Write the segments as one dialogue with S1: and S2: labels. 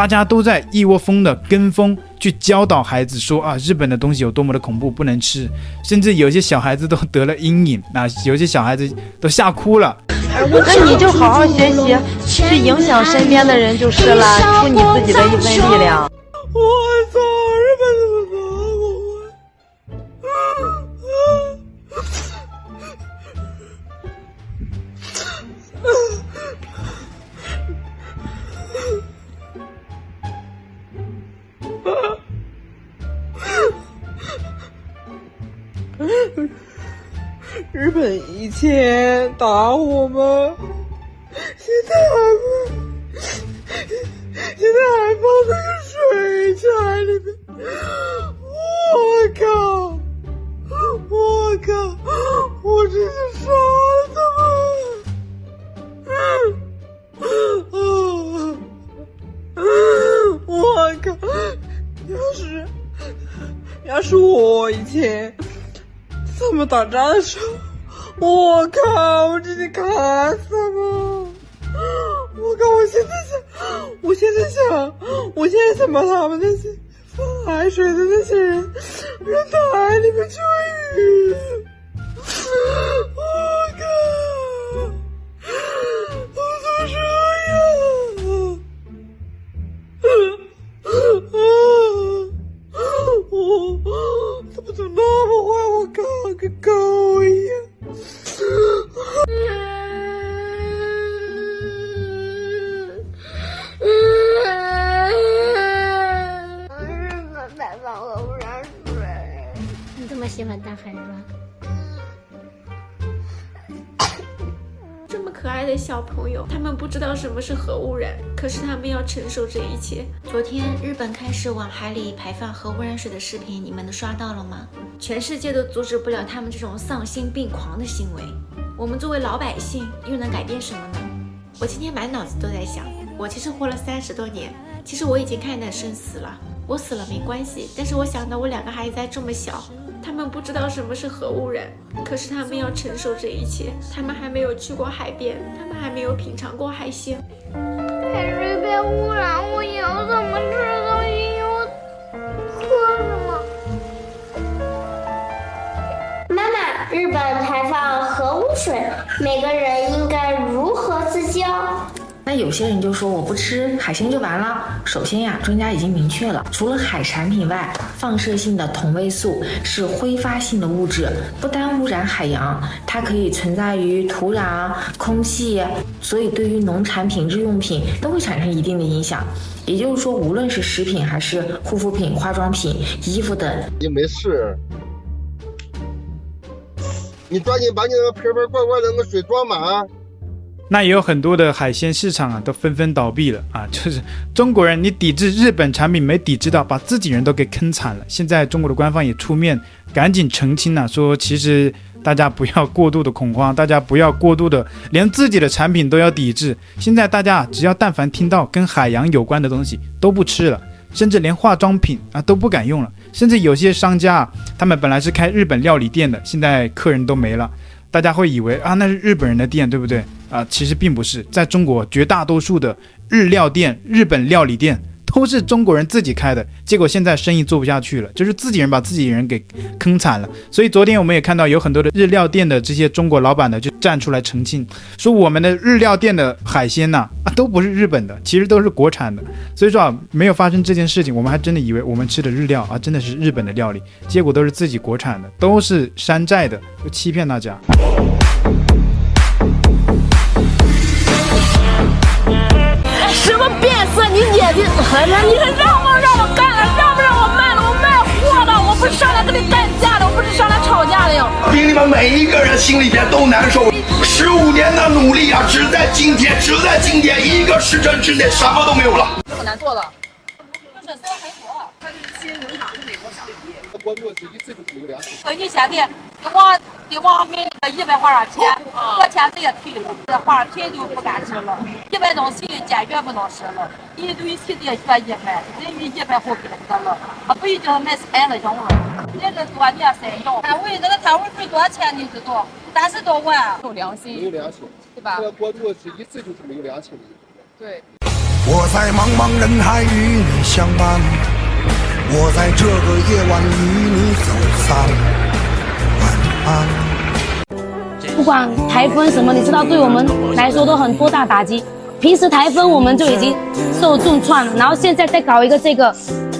S1: 大家都在一窩蜂的跟風去教導孩子說啊，日本的東西有多麼的恐怖，不能吃，甚至有些小孩子都得了陰影啊，有些小孩子都嚇哭了。那你就好好學習，去影響身邊的人就是了，你出你自己的一份力量。我操，日本。以前打我們，現在還放，現在還放在個水池裡面。我靠！我靠！我真是殺了他們！我靠！要是要是我以前我們打仗的時候。我靠！我真的卡死了！我靠！我現在想，我現在想，我現在想，我現在想把他們那些放海水的那些人扔到海裡面去餵魚。排放核污染水，你這麼喜歡大海是吧？這麼可愛的小朋友，他們不知道什麼是核污染，可是他們要承受這一切。昨天日本開始往海裡排放核污染水的視頻，你們都刷到了嗎？全世界都阻止不了他們這種喪心病狂的行為，我們作為老百姓又能改變什麼呢？我今天滿腦子都在想，我其實活了三十多年，其實我已經看淡生死了。我死了沒關係，但是我想到我兩個孩子還這麼小，他們不知道什麼是核污染，可是他們要承受這一切。他們還沒有去過海邊，他們還沒有品嘗過海鮮。海水被污染，我以後怎麼吃東西？又媽媽，日本排放核污水，每個人。有些人就說我不吃海鮮就完了。首先呀，專家已經明確了，除了海產品外，放射性的同位素是揮發性的物質，不單污染海洋，它可以存在於土壤、空氣，所以對於農產品、日用品都會產生一定的影響。也就是說，無論是食品還是護膚品、化妝品、衣服等，你沒事，你抓緊把你那個瓶瓶罐罐的那個水裝滿。啊。那也有很多的海鮮市場啊，都紛紛倒閉了啊！就是中國人，你抵制日本產品沒抵制到，把自己人都給坑慘了。現在中國的官方也出面，趕緊澄清了啊，說其實大家不要過度的恐慌，大家不要過度的連自己的產品都要抵制。現在大家只要但凡聽到跟海洋有關的東西都不吃了，甚至連化妝品啊都不敢用了，甚至有些商家啊，他們本來是開日本料理店的，現在客人都沒了，大家會以為啊，那是日本人的店，對不對？啊，其實並不是，在中國絕大多數的日料店、日本料理店都是中國人自己開的，結果現在生意做不下去了，就是自己人把自己人給坑慘了。所以昨天我們也看到，有很多的日料店的這些中國老板呢，就站出來澄清，說我們的日料店的海鮮吶，啊，啊，都不是日本的，其實都是國產的。所以說啊，沒有發生這件事情，我們還真的以為我們吃的日料啊，真的是日本的料理，結果都是自己國產的，都是山寨的，就欺騙大家。什麼變色？你眼睛還……你還讓不讓我幹了？讓不讓我賣了？我賣了，我賣貨的，我不是上來跟你幹架的，我不是上來吵架的呀！比你們每一個人心裡邊都難受。十五年的努力啊，只在今天，只在今天一個時辰之內，什麼都沒有了。很難做的。是做還啊、他這色很好，他就是先用的是美國沙棘、呃，他注做這一最最主流的。美女小姐，我。得往買那個日本化妝品，昨天直接退了，這化妝品就不敢吃了，日本東西堅決不能吃了，一堆氣墊直接一分，真與一百好幾十了，啊、不一定買錢了，行了。人這個、多年深造，攤位這個攤位費多少錢，你知道，三十多萬，有良心，沒有良心，對吧？這個國度是一直就是沒有良心的，對。我在茫茫人海與你相伴，我在這個夜晚與你走散。不管颱風什麼，你知道對我們來說都很多大打擊。平時颱風我們就已經受重創了，然後現在再搞一個這個，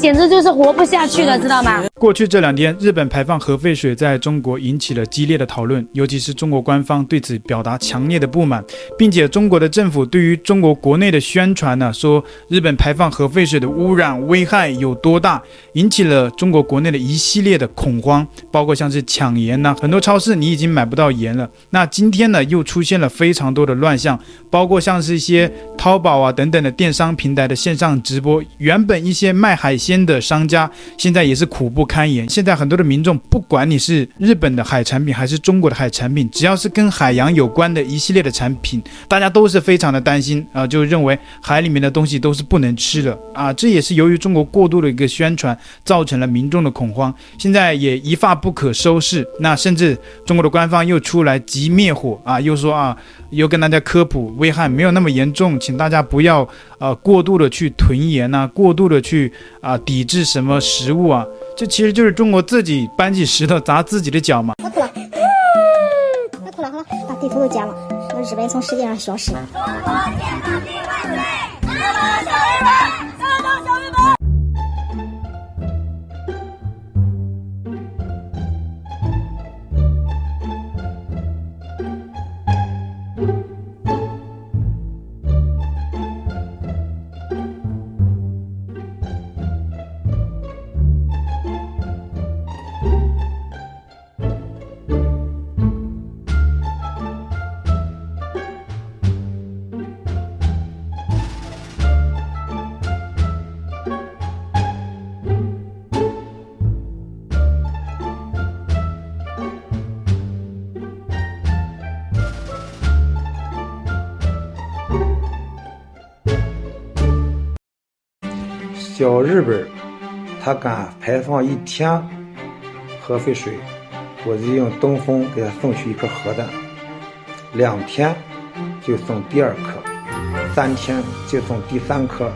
S1: 簡直就是活不下去了，知道嗎？過去這兩天，日本排放核廢水在中國引起了激烈的討論，尤其是中國官方對此表達強烈的不滿，並且中國的政府對於中國國內的宣傳呢、啊，說日本排放核廢水的污染危害有多大，引起了中國國內的一系列的恐慌，包括像是搶鹽吶、啊，很多超市你已經買不到鹽了。那今天呢，又出現了非常多的亂象，包括像是一些淘寶啊等等的電商平台的線上直播，原本一些賣海鮮的商家現在也是苦不可堪言，現在很多的民眾，不管你是日本的海產品還是中國的海產品，只要是跟海洋有關的一系列的產品，大家都是非常的擔心啊，就認為海裡面的東西都是不能吃的啊。這也是由於中國過度的一個宣傳，造成了民眾的恐慌，現在也一發不可收拾。那甚至中國的官方又出來急滅火啊，又說啊，又跟大家科普危害沒有那麼嚴重，請大家不要啊過度的去囤鹽吶，過度的去啊抵制什麼食物啊。這其實就是中國自己搬起石頭砸自己的腳嘛！別、啊、哭了，別、啊、哭了，好、啊、了，把地圖都剪了，讓日本從世界上消失，中國解放軍萬歲！中國小。小日本，他敢排放一天核廢水，我就用東風給他送去一顆核彈；兩天就送第二顆，三天就送第三顆。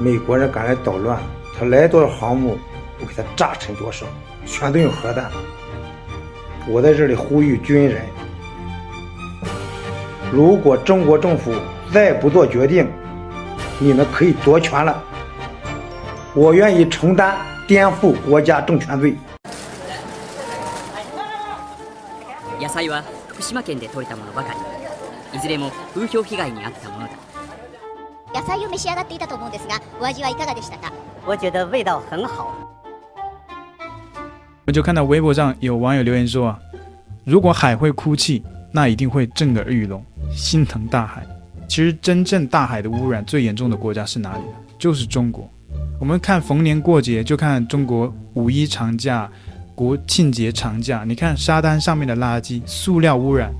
S1: 美國人敢來搗亂，他來多少航母，我給他炸沉多少，全都用核彈。我在這裡呼籲軍人：如果中國政府再不做決定，你們可以奪權了。我願意承擔顛覆國家政權罪。我感覺，いずれも風評被害に遭ったものだ。野菜を召し上がっていたと思うんですが、お味はいかがでしたか？我覺得味道很好。我就看到微博上有網友留言說：“如果海會哭泣，那一定會震耳欲聾。”心疼大海。其實，真正大海的污染最嚴重的國家是哪裡？就是中國。我們看逢年過節，就看中國五一長假、國慶節長假。你看沙灘上面的垃圾、塑料污染，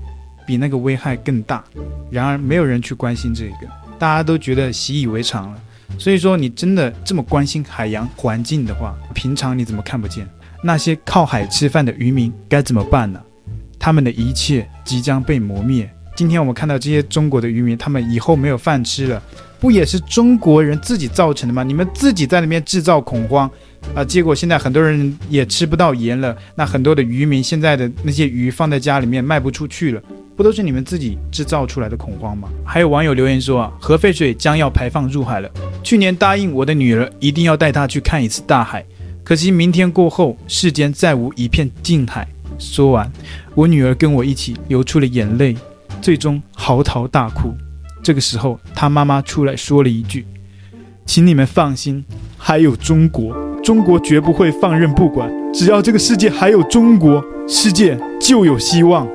S1: 比那個危害更大。然而沒有人去關心這個，大家都覺得習以為常了。所以說，你真的這麼關心海洋環境的話，平常你怎麼看不見？那些靠海吃飯的漁民該怎麼辦呢？他們的一切即將被磨滅。今天我們看到這些中國的漁民，他們以後沒有飯吃了，不也是中國人自己造成的嗎？你們自己在裡面制造恐慌，啊、呃，結果現在很多人也吃不到鹽了。那很多的漁民現在的那些魚放在家裡面賣不出去了，不都是你們自己制造出來的恐慌嗎？還有網友留言說啊，核廢水將要排放入海了。去年答應我的女兒一定要帶她去看一次大海，可惜明天過後世間再無一片靜海。說完，我女兒跟我一起流出了眼淚。最終嚎啕大哭。這個時候，他媽媽出來說了一句：“請你們放心，還有中國，中國絕不會放任不管。只要這個世界還有中國，世界就有希望。”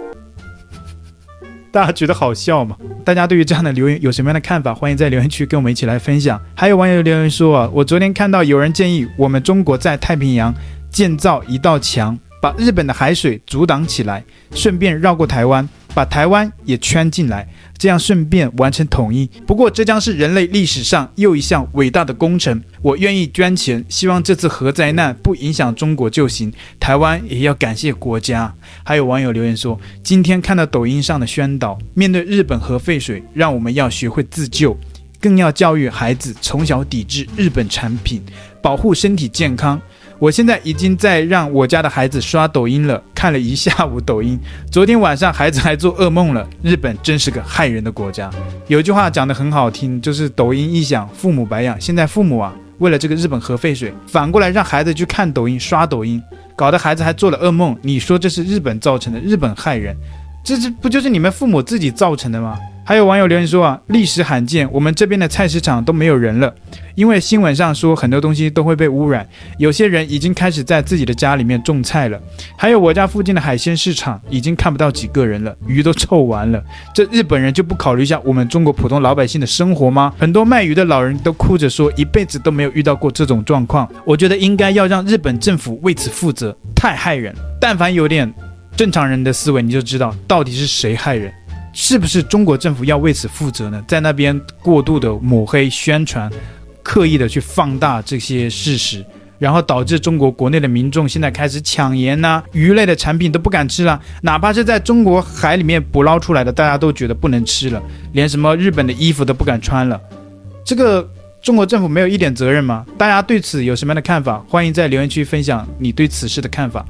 S1: 大家覺得好笑嗎？大家對於這樣的留言有什麼樣的看法？歡迎在留言區跟我們一起來分享。還有網友留言說：“啊，我昨天看到有人建議我們中國在太平洋建造一道牆，把日本的海水阻擋起來，順便繞過台灣。”把台灣也圈進來，這樣順便完成統一。不過，這將是人類歷史上又一項偉大的工程。我願意捐錢，希望這次核災難不影響中國就行。台灣也要感謝國家。還有網友留言說，今天看到抖音上的宣導，面對日本核廢水，讓我們要學會自救，更要教育孩子從小抵制日本產品，保護身體健康。我現在已經在讓我家的孩子刷抖音了，看了一下午抖音。昨天晚上孩子還做噩夢了。日本真是個害人的國家。有句話講得很好聽，就是“抖音一響，父母白養”。現在父母啊，為了這個日本核廢水，反過來讓孩子去看抖音、刷抖音，搞得孩子還做了噩夢。你說這是日本造成的？日本害人，這這不就是你們父母自己造成的嗎？還有網友留言說啊，歷史罕見，我們這邊的菜市場都沒有人了，因為新聞上說很多東西都會被污染，有些人已經開始在自己的家裡面種菜了。還有我家附近的海鮮市場已經看不到幾個人了，魚都臭完了。這日本人就不考慮一下我們中國普通老百姓的生活嗎？很多賣魚的老人都哭着說一輩子都沒有遇到過這種狀況。我覺得應該要讓日本政府為此負責，太害人了。但凡有點正常人的思維，你就知道到底是誰害人。是不是中國政府要為此負責呢？在那邊過度的抹黑宣傳，刻意的去放大這些事實，然後導致中國國內的民眾現在開始搶鹽吶、啊、魚類的產品都不敢吃了，哪怕是在中國海裡面捕撈出來的，大家都覺得不能吃了，連什麼日本的衣服都不敢穿了。這個中國政府沒有一點責任嗎？大家對此有什麼樣的看法？歡迎在留言區分享你對此事的看法。